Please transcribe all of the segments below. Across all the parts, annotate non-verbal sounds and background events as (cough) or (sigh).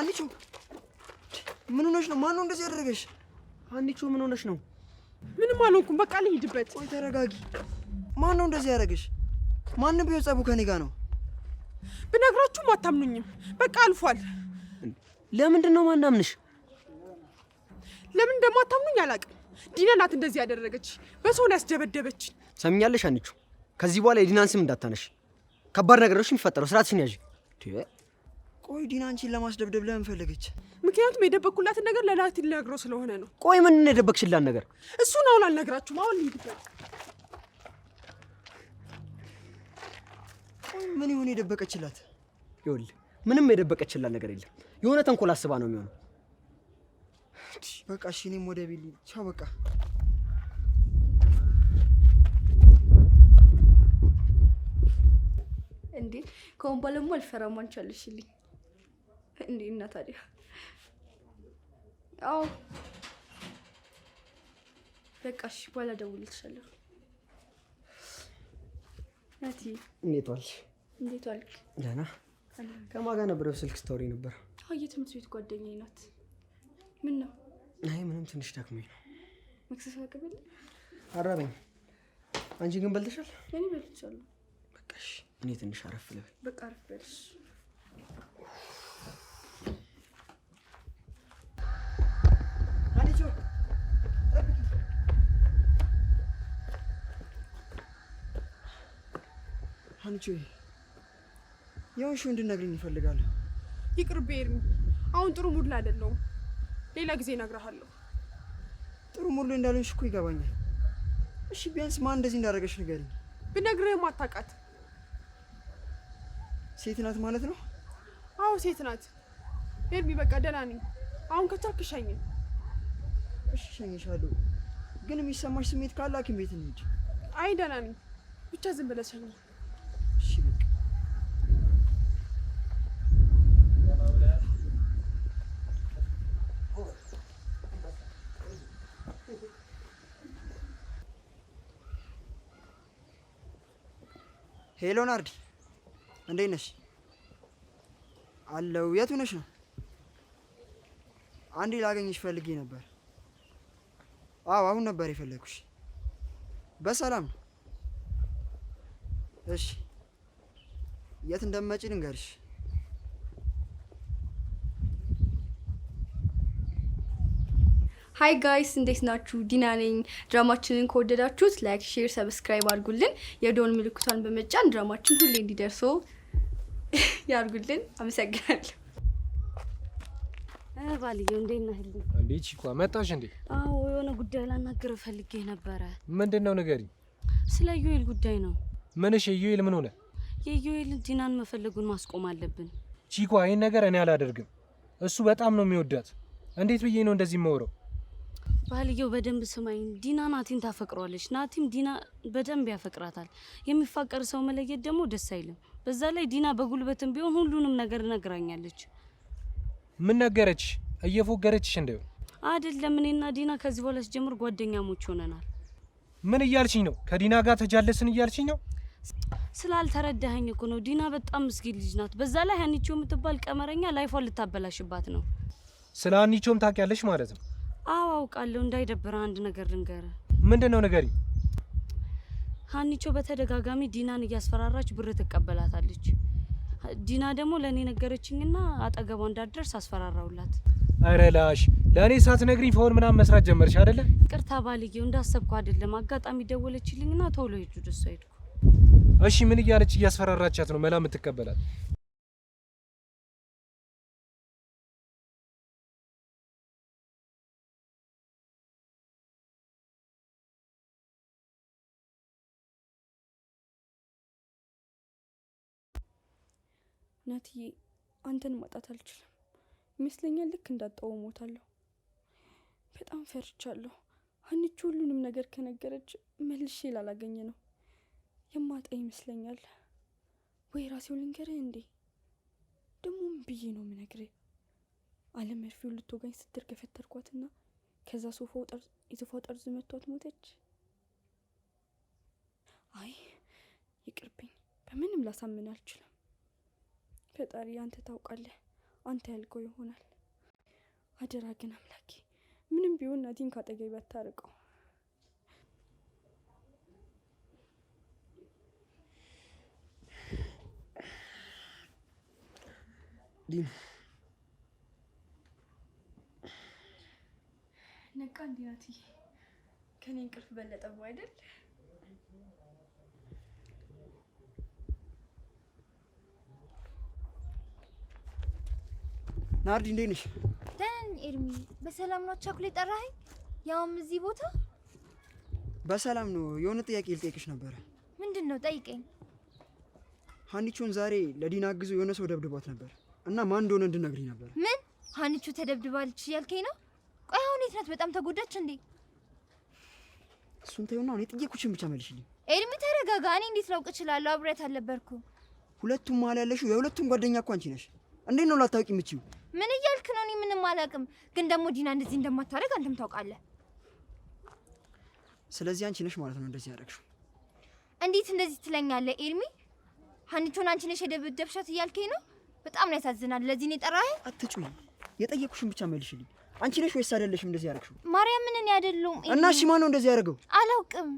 አንቺ ምን ሆነሽ ነው? ማን ነው እንደዚህ ያደረገሽ? አንቺ ምን ሆነሽ ነው? ምንም አልሆንኩም። በቃ ልሂድበት። ቆይ ተረጋጊ። ማን ነው እንደዚህ ያደረገሽ? ማንም ቢሆን ጸቡ ከኔ ጋር ነው። ብነግራችሁም አታምኑኝም። በቃ አልፏል። ለምንድን ነው ማናምንሽ? ለምን እንደማታምኑኝ አላውቅም። ዲና ናት እንደዚህ ያደረገች፣ በሰው ነው ያስደበደበች። ሰምኛለሽ አንቺ፣ ከዚህ በኋላ የዲናን ስም እንዳታነሽ። ከባድ ነገሮች የሚፈጠረው ስርዓትሽን ያዥ። ቆይ ዲና አንቺን ለማስደብደብ ለምን ፈለገች? ምክንያቱም የደበኩላትን ነገር ለናቲ ልነግረው ስለሆነ ነው። ቆይ ምን እንደደበቅሽላት ነገር? እሱን አሁን አልነግራችሁም። አሁን ልሂድበት። ምን ይሁን የደበቀችላት? ይኸውልህ ምንም የደበቀችላት ነገር የለም። የሆነ ተንኮል አስባ ነው የሚሆነው። በቃ እሺ፣ እኔም ወደ ቤት ቻው በቃ እንዴ ከሆን ባለሞ አልፈራም። እንዴ እና ታዲያ አዎ በቃ እሺ፣ በኋላ እደውልልሻለሁ። ናቲ እንዴት ዋልሽ? እንዴት ዋልክ? ደህና። ከማን ጋር ነበር ስልክ ስታወሪ ነበር? አዎ የትምህርት ቤት ጓደኛዬ ናት። ምን ነው? አይ ምንም፣ ትንሽ ደክሞኝ ነው። መክሰስ አቅብል አራበኝ። አንቺ ግን በልተሻል? እኔ በልቻለሁ። በቃ እሺ፣ እኔ ትንሽ አረፍ ልበል። በቃ አረፍ በልሽ። አንቺ የውሹ እንድነግርኝ እፈልጋለሁ። ይቅርብ ኤርሚ፣ አሁን ጥሩ ሙድ ላይ አይደለሁም። ሌላ ጊዜ እነግርሃለሁ። ጥሩ ሙድ ላይ እንዳልሆንሽ እኮ ይገባኛል። እሺ ቢያንስ ማን እንደዚህ እንዳደረገች ንገሪኝ። ብነግርህም አታውቃት። ሴት ናት ማለት ነው? አዎ ሴት ናት። ኤርሚ በቃ ደህና ነኝ። አሁን ከቻልክ ሸኝ። እሺ ሸኝሻለሁ፣ ግን የሚሰማሽ ስሜት ካለ ሐኪም ቤት እንሂድ። አይ ደህና ነኝ፣ ብቻ ዝም ብለህ ሸኝ። ሄሎ ናርዲ፣ እንዴት ነሽ? አለው። የቱ ነሽ ነው? አንዴ ላገኝሽ ፈልጌ ነበር። አዎ፣ አሁን ነበር የፈለግኩሽ። በሰላም ነው? እሺ የት እንደመጪ ልንገርሽ። ሀይ ጋይስ እንዴት ናችሁ? ዲና ነኝ። ድራማችንን ከወደዳችሁት ላይክ፣ ሼር፣ ሰብስክራይብ አድርጉልን። የደወል ምልክቷን በመጫን ድራማችን ሁሌ እንዲደርሶ (laughs) ያድርጉልን። አመሰግናለሁ። ባልየው እንዴት ነህ? እንዴ ቺኳ መጣሽ እንዴ? አዎ የሆነ ጉዳይ ላናግርህ ፈልጌ ነበረ። ምንድን ነው ንገሪኝ። ስለ ዩኤል ጉዳይ ነው። ምንሽ ዩኤል ምን ሆነ? የዩኤል ዲናን መፈለጉን ማስቆም አለብን። ቺኮ፣ ይህን ነገር እኔ አላደርግም። እሱ በጣም ነው የሚወዳት። እንዴት ብዬ ነው እንደዚህ የማወራው? ባልየው በደንብ ስማኝ። ዲና ናቲን ታፈቅሯለች፣ ናቲም ዲና በደንብ ያፈቅራታል። የሚፋቀር ሰው መለየት ደግሞ ደስ አይልም። በዛ ላይ ዲና በጉልበትም ቢሆን ሁሉንም ነገር ነግራኛለች። ምን ነገረች? እየፎገረችሽ እንደ አይደለም። እኔና ዲና ከዚህ በኋላ ጀምር ጓደኛሞች ሆነናል። ምን እያልሽኝ ነው? ከዲና ጋር ተጃለስን እያልሽኝ ነው? ስላልተረዳኸኝ እኮ ነው። ዲና በጣም ምስኪን ልጅ ናት። በዛ ላይ ሀኒቾ የምትባል ቀመረኛ ላይፏን ልታበላሽባት ነው። ስለ ሀኒቾም ታውቂያለሽ ማለት ነው? አዎ አውቃለሁ። እንዳይደብረ አንድ ነገር ልንገርህ። ምንድን ነው ንገሪኝ። ሀኒቾ በተደጋጋሚ ዲናን እያስፈራራች ብር ትቀበላታለች። ዲና ደግሞ ለእኔ ነገረችኝና አጠገቧ እንዳደርስ አስፈራራውላት። እረ ላሽ ለእኔ ሳትነግሪኝ ፎን ምናምን መስራት ጀመርሽ አደለ? ቅርታ ባልየው፣ እንዳሰብኩ አይደለም። አጋጣሚ ደወለችልኝና ቶሎ ሄዱ ደስ አይዱ እሺ ምን እያለች እያስፈራራቻት ነው መላ የምትቀበላት? ናትዬ አንተን ማጣት አልችልም ይመስለኛል። ልክ እንዳጣው ሞታለሁ። በጣም ፈርቻለሁ። አንቺ ሁሉንም ነገር ከነገረች መልሼ ላላገኘ ነው የማጣ ይመስለኛል። ወይ ራሴው ልንገርህ እንዴ? ደግሞ ብዬ ነው ምነግርህ? አለም መርፌው ልትወጋኝ ስትል ገፈተርኳትና ከዛ ሶፋው ጠርዝ የሶፋው ጠርዝ መቷት ሞተች። አይ ይቅርብኝ፣ በምንም ላሳምን አልችልም። ፈጣሪ አንተ ታውቃለህ፣ አንተ ያልከው ይሆናል። አደራ ግን አምላኬ ምንም ቢሆን ናቲን ካጠገቤ አታርቀው። ዲን ነቃ። እንዲናት ከኔ እንቅልፍ በለጠው አይደል? ናርዲ እንዴት ነሽ? ደህና ነኝ ኤርሚ። በሰላም ነው? ቸኩሌ ጠራኸኝ? ያውም እዚህ ቦታ። በሰላም ነው። የሆነ ጥያቄ ልጠይቅሽ ነበረ። ምንድን ነው? ጠይቀኝ። ሀኒቾን ዛሬ ለዲና አግዞ የሆነ ሰው ደብድቧት ነበር። እና ማን እንደሆነ እንድነግሪኝ ነበር። ምን ሀኒቹ ተደብድባለች እያልከኝ ነው? ቆይ አሁን የት ናት? በጣም ተጎዳች እንዴ? እሱን ተይውና እኔ ጥያቄዎችን ብቻ መልሽልኝ። ኤድሚ ተረጋጋ። እኔ እንዴት ላውቅ እችላለሁ? አብሬያት አልነበርኩ። ሁለቱም መሀል ያለሽው የሁለቱም ጓደኛ እኮ አንቺ ነሽ። እንዴት ነው ላታውቂ የምችይው? ምን እያልክ ነው? እኔ ምንም አላውቅም። ግን ደግሞ ዲና እንደዚህ እንደማታደርግ አንተም ታውቃለህ። ስለዚህ አንቺ ነሽ ማለት ነው እንደዚህ ያደረግሽው። እንዴት እንደዚህ ትለኛለህ ኤድሚ? ሀኒቾን አንቺ ነሽ የደብደብሻት እያልከኝ ነው? በጣም ነው ያሳዝናል። ለዚህ ነው የጠራህ? አትጩኝ። የጠየኩሽን ብቻ መልሽልኝ። አንቺ ነሽ ወይስ አይደለሽም እንደዚህ ያደረግሽው? ማርያምን እኔ አይደለሁም። እና እሺ ማነው እንደዚህ ያደረገው? አላውቅም።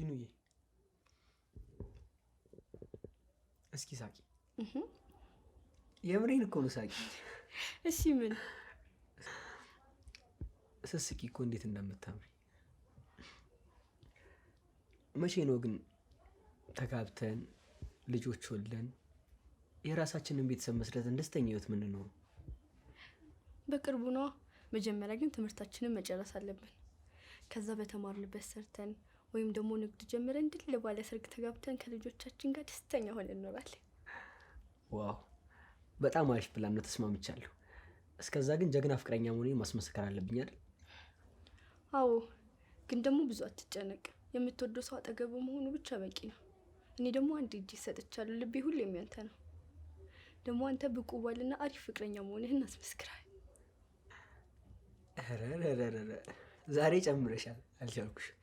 ይኑዬ እስኪ ሳቂ። የምሬን እኮ ነው ሳቂ። እሺ ምን ስስቂ እኮ እንዴት እንደምታምሪ መቼ ነው ግን ተጋብተን ልጆች ወልደን የራሳችንን ቤተሰብ መስረተን ደስተኛ ህይወት ነው? በቅርቡ ነው። መጀመሪያ ግን ትምህርታችንን መጨረስ አለብን። ከዛ በተማርንበት ሰርተን ወይም ደግሞ ንግድ ጀምረን ድል ባለ ሰርግ ተጋብተን ከልጆቻችን ጋር ደስተኛ ሆነን እንኖራለን። ዋው በጣም አሪፍ ፕላን ነው፣ ተስማምቻለሁ። እስከዛ ግን ጀግና ፍቅረኛ መሆኔን ማስመሰከር አለብኝ አይደል? አዎ፣ ግን ደግሞ ብዙ አትጨነቅ። የምትወደው ሰው አጠገቡ መሆኑ ብቻ በቂ ነው። እኔ ደግሞ አንድ እጅ ይሰጥቻለሁ። ልቤ ሁሉ የሚያንተ ነው። ደግሞ አንተ ብቁ ባልና አሪፍ ፍቅረኛ መሆንህን አስመስክራል። ዛሬ ጨምረሻል። አልቻልኩሽም።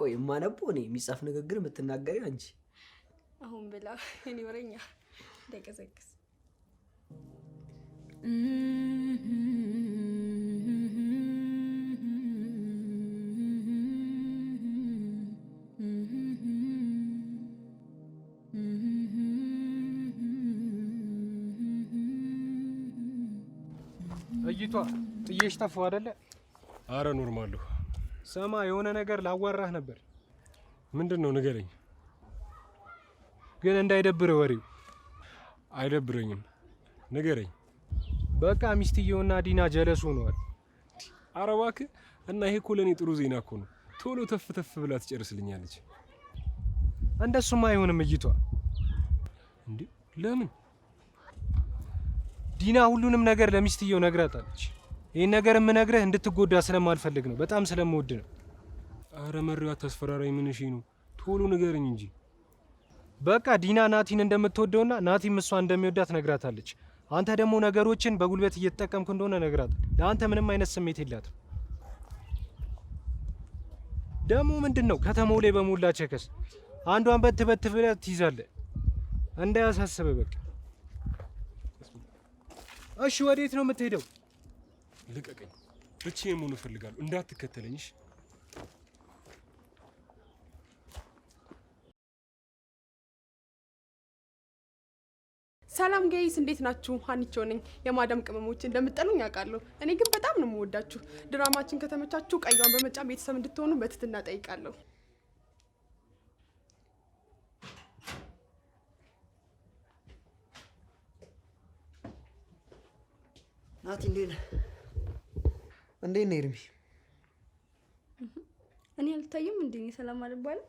ቆይ የማነቦ እኔ የሚጻፍ ንግግር የምትናገሪ አንቺ። አሁን ብላ እኔ ወረኛ እንዳይቀዘቅዝ ቤቷ ጥዬሽ ጠፋሁ አይደለ? አረ ኖርማሉ። ሰማ የሆነ ነገር ላዋራህ ነበር። ምንድን ነው ንገረኝ። ግን እንዳይደብርህ ወሬው። አይደብረኝም፣ ንገረኝ። በቃ ሚስትየውና ዲና ጀለስ ሆነዋል። አረ እባክህ እና ይሄ እኮ ለእኔ ጥሩ ዜና እኮ ነው። ቶሎ ተፍ ተፍ ብላ ትጨርስልኛለች። እንደሱማ አይሆንም እይቷ። እንዴ ለምን ዲና ሁሉንም ነገር ለሚስትየው ነግራታለች። ይህን ነገር ነግረ እንድትጎዳ ስለማልፈልግ ነው፣ በጣም ስለምወድ ነው። አረ መሪው አታስፈራራኝ። ምን እሺ ነው? ቶሎ ንገርኝ እንጂ። በቃ ዲና ናቲን እንደምትወደውና ናቲም እሷ እንደሚወዳት ነግራታለች። አንተ ደግሞ ነገሮችን በጉልበት እየተጠቀምክ እንደሆነ ነግራት። ለአንተ ምንም አይነት ስሜት የላትም። ደግሞ ምንድን ነው ከተማው ላይ በሞላ ቸከስ አንዷን በትበት በት ብለህ ትይዛለህ። በቃ እሺ፣ ወዴት ነው የምትሄደው? ልቀቀኝ። ብቻዬን መሆን እፈልጋለሁ። እንዳትከተለኝሽ ሰላም ጋይስ እንዴት ናችሁ? ሀኒቾ ነኝ። የማዳም ቅመሞች እንደምጠሉኝ አውቃለሁ። እኔ ግን በጣም ነው የምወዳችሁ። ድራማችን ከተመቻችሁ ቀይዋን በመጫን ቤተሰብ እንድትሆኑ በትህትና ጠይቃለሁ። ናቲ እንዴት ነህ? እንዴት ነህ ኤርሚ? እኔ አልታየም እንዴ? ሰላም አልባልም?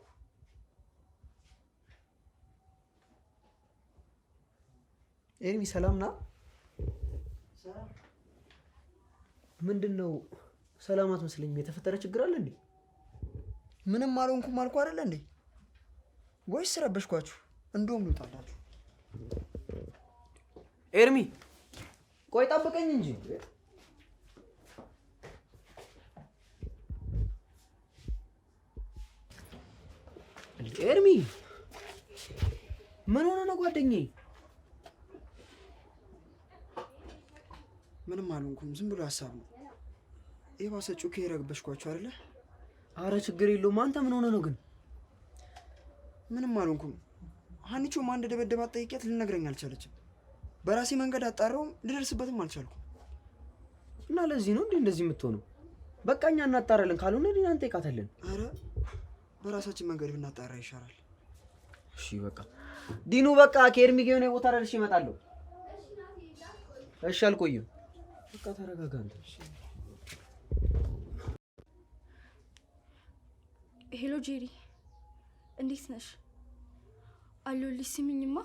ኤርሚ ሰላም ና። ምንድን ነው ሰላም አትመስለኝም። የተፈጠረ ችግር አለ እንዴ? ምንም አልሆንኩም አልኩ አይደለ እንዴ? ወይስ ረበሽኳችሁ? እንደውም ልውጣላችሁ ኤርሚ ቆይ ጠብቀኝ እንጂ ኤርሚ፣ ምን ሆነ ነው ጓደኛዬ? ምንም አልሆንኩም፣ ዝም ብሎ ሀሳብ ነው። የባሰ ጩኬ ረግበሽኳቸው አይደለ? አረ ችግር የለውም። አንተ ምን ሆነ ነው ግን? ምንም አልሆንኩም። ሀኒቾም አንድ ደበደባት፣ ጠይቄያት ልነግረኝ አልቻለችም። በራሴ መንገድ አጣራውም ልደርስበትም አልቻልኩም። እና ለዚህ ነው እንዴ እንደዚህ የምትሆነው? በቃ እኛ እናጣራለን፣ ካልሆነ ሌላ እንጠይቃታለን። አረ በራሳችን መንገድ ብናጣራ ይሻላል። እሺ በቃ ዲኑ፣ በቃ ከኤርሚ ጋር የሆነ ቦታ ደርሼ እመጣለሁ። እሺ አልቆይም። በቃ ተረጋጋ አንተ። ሄሎ ጄሪ፣ እንዴት ነሽ? አለሁልሽ። ስሚኝማ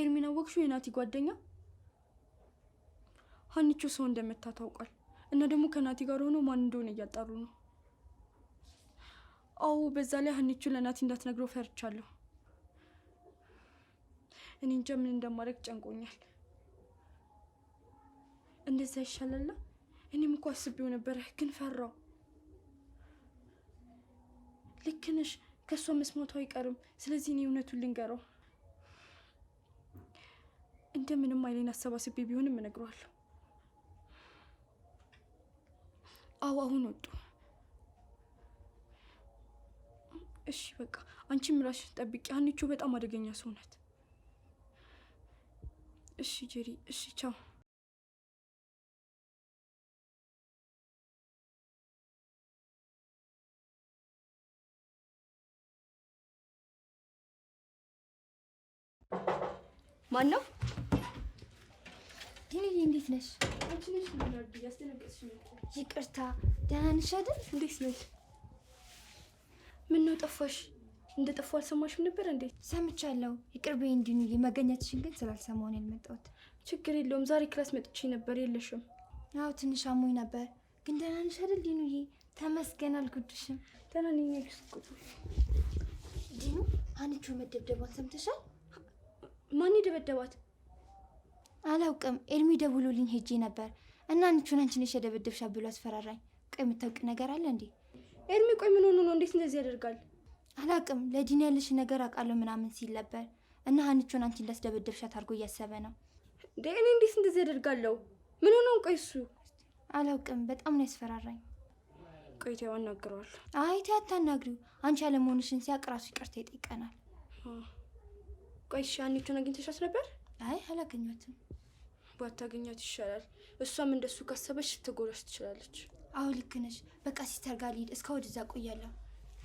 ኤርሚን አወቅሽው? የናቲ ጓደኛ ሀኒቾ ሰው እንደመታ ታውቋል። እና ደግሞ ከናቲ ጋር ሆኖ ማን እንደሆነ እያጣሩ ነው። አዎ፣ በዛ ላይ ሀኒቾ ለናቲ እንዳትነግረው ፈርቻለሁ። እኔ እንጃ ምን እንደማድረግ ጨንቆኛል። እንደዛ ይሻላል። እኔም እኮ አስቤው ነበረ፣ ግን ፈራው። ልክ ነሽ፣ ከእሷ መስማቱ አይቀርም። ስለዚህ እኔ እውነቱን ልንገረው እንደ ምንም አይሌን አሰባስቤ ቢሆንም እነግረዋለሁ። አዎ አሁን ወጡ። እሺ በቃ አንቺ ራስሽን ጠብቂ። አንቺው በጣም አደገኛ ሰው ናት። እሺ ጀሪ። እሺ ቻው። ማን ነው? ሄልዬ እንዴት ነሽ? ይቅርታ ደህና ነሽ አይደል? እንዴት ነሽ? ምነው ጠፋሽ? እንደ ጠፋሁ አልሰማሽም ነበር እንዴ? ሰምቻለሁ። ይቅር በይ እንዲኑዬ፣ መገኘትሽን ግን ስላልሰማሁ ነው ያልመጣሁት። ችግር የለውም። ዛሬ ክላስ መጥቼ ነበር፣ የለሽም። አዎ ትንሽ አሞኝ ነበር። ግን ደህና ነሽ አይደል ዲኑዬ? ተመስገን አልጉድሽም። ደህና ነኝ። ያልኩት ዲኑ ሀኒቾ መደብደቧን ሰምተሻል? ማን የደበደባት? አላውቅም። ኤልሚ ደውሎልኝ ሄጄ ነበር እና አንቺን አንቺ ነሽ የደበደብሻ ብሎ አስፈራራኝ። ቆይ የምታውቅ ነገር አለ እንዴ? ኤልሚ ቆይ ምን ሆኖ ነው? እንዴት እንደዚህ ያደርጋል? አላውቅም። ለዲን ያለሽ ነገር አውቃለሁ ምናምን ሲል ነበር እና አንቺን አንቺን ላስደበደብሻት አድርጎ እያሰበ ነው። እንዴ እኔ እንዴት እንደዚህ ያደርጋለሁ? ምን ሆኖን? ቆይ እሱ አላውቅም። በጣም ነው ያስፈራራኝ። ቆይ ተይው አናግረዋል። አይ ተይ አታናግሪው። አንቺ አለመሆንሽን ሲያቅ ራሱ ይቅርታ ይጠይቀናል። ቆይ አንቺን አግኝተሻት ነበር? አይ አላገኛትም ባታገኛት ይሻላል። እሷም እንደሱ ካሰበች ልትጎዳሽ ትችላለች። አዎ ልክ ነሽ። በቃ ሲስተር ጋር ልሂድ። እስከ ወደዛ ቆያለሁ።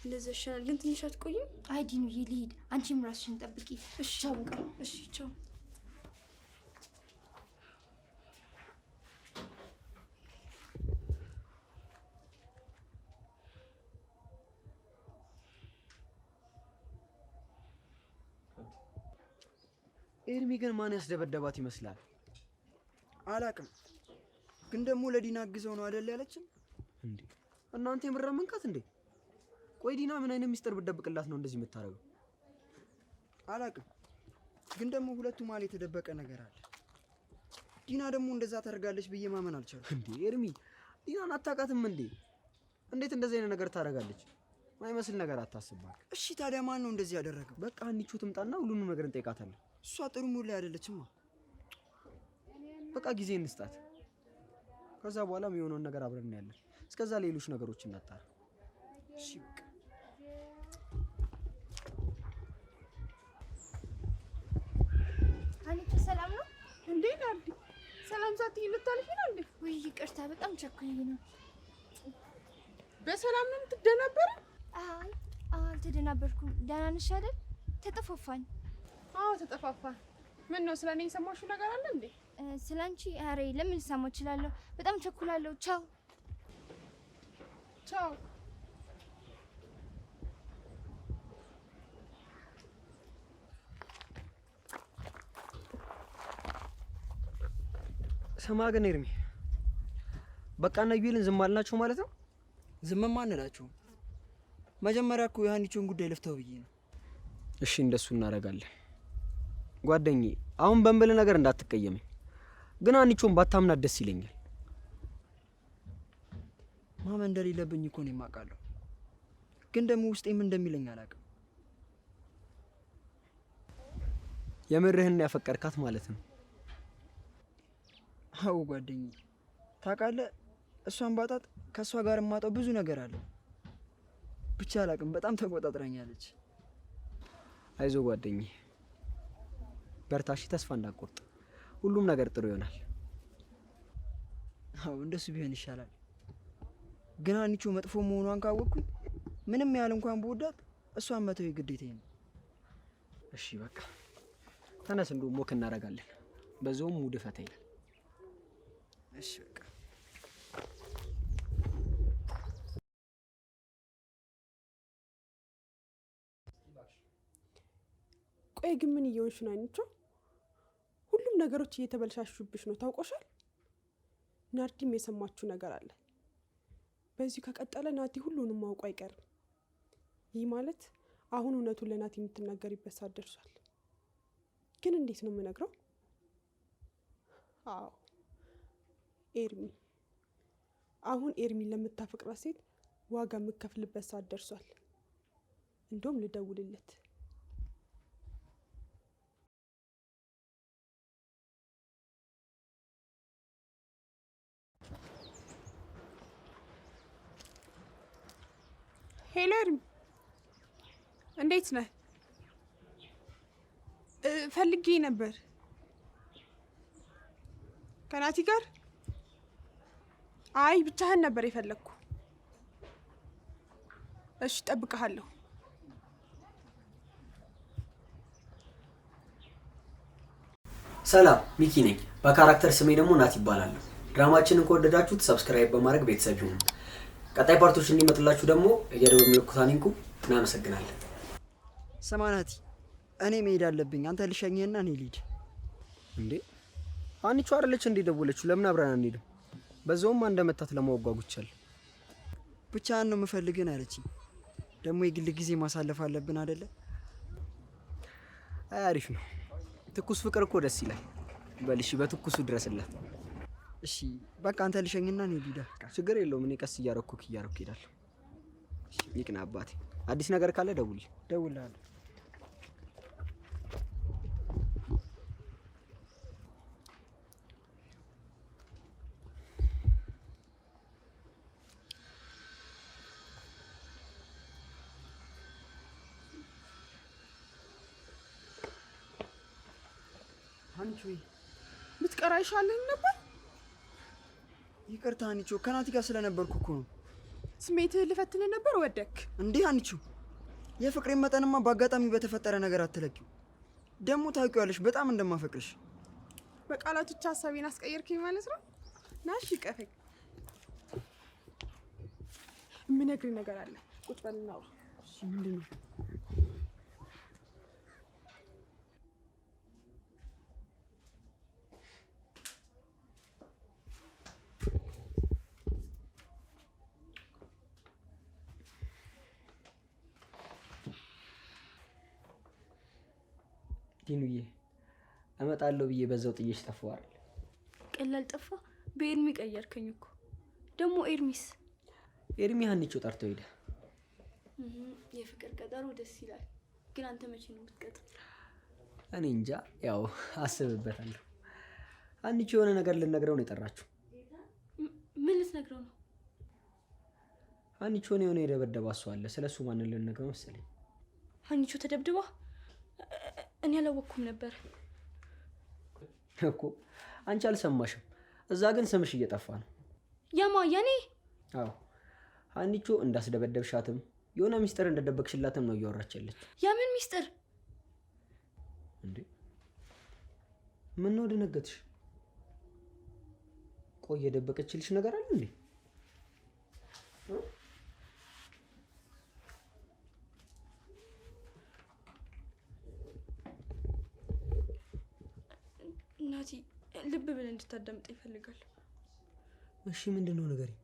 እንደዛ ይሻላል። ግን ትንሽ አትቆይም? አይ ዲኑዬ ልሂድ። አንቺም ራስሽን ጠብቂ። እሺ፣ ቻው። በቃ እሺ፣ ቻው ኤርሚ ግን ማን ያስደበደባት ይመስላል? አላቅም። ግን ደግሞ ለዲና አግዘው ነው አደል ያለችን? እንዴ እናንተ የምራ መንካት እንዴ? ቆይ ዲና ምን አይነት ሚስጥር ብደብቅላት ነው እንደዚህ የምታደርገው? አላቅም። ግን ደግሞ ሁለቱ ማል የተደበቀ ነገር አለ። ዲና ደግሞ እንደዛ ታደርጋለች ብዬ ማመን አልቻልኩም። እንዴ ኤርሚ ዲናን አታውቃትም እንዴ? እንዴት እንደዚህ አይነት ነገር ታደርጋለች? ማይመስል ነገር አታስባል። እሺ ታዲያ ማን ነው እንደዚህ ያደረገው? በቃ አንቺው ትምጣና ሁሉንም ነገር እንጠይቃታለን። እሷ ጥሩ ሙሉ ላይ አይደለችማ። በቃ ጊዜ እንስጣት። ከዛ በኋላ የሚሆነውን ነገር አብረን እናያለን። እስከዛ ሌሎች ነገሮች እናጣራ። እሺ በቃ አንቺ ሰላም ነው እንዴ? ዳዲ ሰላም ሳትይ ልታልፊ ነው እንዴ? ወይ ይቅርታ፣ በጣም ቸኩኝ ነው። በሰላም ነው የምትደናበረ? አይ አልተደናበርኩም። ደህና ነሽ አይደል? ተጠፋፋኝ አዎ ተጠፋፋ ምን ነው ስለኔ እኔ የሰማሽው ነገር አለ እንዴ? ስለ አሬ ለምን ልሰማው እችላለሁ? በጣም ቸኩላለሁ። ቻው ቻው። ስማ ግን ኤርሚ በቃ እና ዩልን ዝም አልናችሁ ማለት ነው? ዝም አንላችሁም። መጀመሪያ እኮ የሀኒቾን ጉዳይ ልፍታው ብዬ ነው። እሺ እንደሱ እናደርጋለን። ጓደኛዬ አሁን በምብል ነገር እንዳትቀየመኝ፣ ግን አንቺውን ባታምናት ደስ ይለኛል። ማመን እንደሌለብኝ እኮ ነው የማውቃለሁ፣ ግን ደግሞ ውስጤ ምን እንደሚለኝ አላውቅም። የምርህን ያፈቀድካት ማለት ነው? አዎ ጓደኛዬ፣ ታውቃለህ እሷን ባጣት ከእሷ ጋር የማጣው ብዙ ነገር አለ። ብቻ አላውቅም፣ በጣም ተቆጣጥራኛለች። አይዞ ጓደኛዬ በርታሽ፣ ተስፋ እንዳቆርጥ። ሁሉም ነገር ጥሩ ይሆናል። አዎ እንደሱ ቢሆን ይሻላል። ግን አንቺው መጥፎ መሆኗን ካወቅኩኝ ምንም ያህል እንኳን በወዳት እሷን መተው ግዴታ ነው። እሺ በቃ ተነስ፣ እንዶ ሞክ እናደርጋለን። በዛውም ሙድ ፈታ ይላል። እሺ በቃ ቆይ ግን ምን እየሆንሽ ነው አይንቻው? ነገሮች እየተበልሻሹብሽ ነው፣ ታውቆሻል። ናርዲም የሰማችው ነገር አለ። በዚሁ ከቀጠለ ናቲ ሁሉንም ማውቁ አይቀርም። ይህ ማለት አሁን እውነቱን ለናቲ የምትናገሪበት ሰዓት ደርሷል። ግን እንዴት ነው የምነግረው? አዎ ኤርሚ፣ አሁን ኤርሚ ለምታፈቅራት ሴት ዋጋ የምከፍልበት ሰዓት ደርሷል። እንደውም ልደውልለት ሄለር እንዴት ነህ? ፈልጌ ነበር። ከናቲ ጋር? አይ ብቻህን ነበር የፈለግኩ። እሺ ጠብቀሃለሁ። ሰላም ሚኪ ነኝ። በካራክተር ስሜ ደግሞ ናት ይባላለሁ። ድራማችንን ከወደዳችሁት ሰብስክራይብ በማድረግ ቤተሰብ ይሁኑ። ቀጣይ ፓርቶች እንዲመጡላችሁ ደግሞ እየደወል ምልክቱን አንኩ። እናመሰግናለን። ሰማናቲ እኔ መሄድ አለብኝ። አንተ ልሸኝህና እኔ ልሂድ። እንዴ አንቺ አይደለች እንዴ ደወለችው? ለምን አብረን አንሄድም? በዛውም እንደመታት ለማወጓጉቻል። ብቻ ነው የምፈልግን አለችኝ። ደግሞ የግል ጊዜ ማሳለፍ አለብን አይደለ? አሪፍ ነው። ትኩስ ፍቅር እኮ ደስ ይላል። በልሽ በትኩሱ ድረስላት። እሺ በቃ አንተ ልሸኝና እኔ ሊዳ ችግር የለውም። እኔ ቀስ እያረኩ እያረኩ እሄዳለሁ። ይቅና አባቴ። አዲስ ነገር ካለ ደውል ደውላለሁ። አንቺ ምትቀራ ይሻለኝ ነበር ይቅርታ አንቺው ከናቲ ጋር ስለነበርኩ እኮ ነው። ስሜትህን ልፈትን ነበር ወደክ እንዴ? አንቺው የፍቅሬን መጠንማ በአጋጣሚ በተፈጠረ ነገር አትለቂው። ደግሞ ታውቂዋለሽ በጣም እንደማፈቅርሽ። በቃላቶች ሀሳቤን አስቀየርክኝ ማለት ነው። ናሽ ይቀፈኝ። የምነግርህ ነገር አለ። ቁጭ በልና ምንድን ነው ዲኑዬ እመጣለሁ ብዬ በዛው ጥዬሽ ጠፋሁ ቀላል ጠፋ። በኤርሚ ቀየርከኝ እኮ ደግሞ። ኤርሚስ ኤርሚ ሀኒቾ ጠርቶ ሄደ። የፍቅር ቀጠሮ ደስ ይላል፣ ግን አንተ መቼ ነው የምትቀጥር? እኔ እንጃ፣ ያው አስብበታለሁ። ሀኒቾ የሆነ ነገር ልነግረው ነው የጠራችው። ምን ልትነግረው ነው? ሀኒቾን የሆነ የደበደባ እሷ አለ። ስለ እሱ ማንን ልነግረው መሰለኝ? ሀኒቾ ተደብድባ እኔ አላወቅኩም ነበር እኮ አንቺ አልሰማሽም። እዛ ግን ስምሽ እየጠፋ ነው። የማ የኔ? አዎ ሀኒቾ እንዳስደበደብሻትም የሆነ ሚስጥር እንደደበቅሽላትም ነው እያወራችለች ያምን የምን ሚስጥር እንዴ? ምን ነው ደነገጥሽ? ቆይ የደበቀችልሽ ነገር አለ እንዴ? እናቴ ልብ ብለን እንድታዳምጥ ይፈልጋል። እሺ ምንድን ነው ንገሪኝ።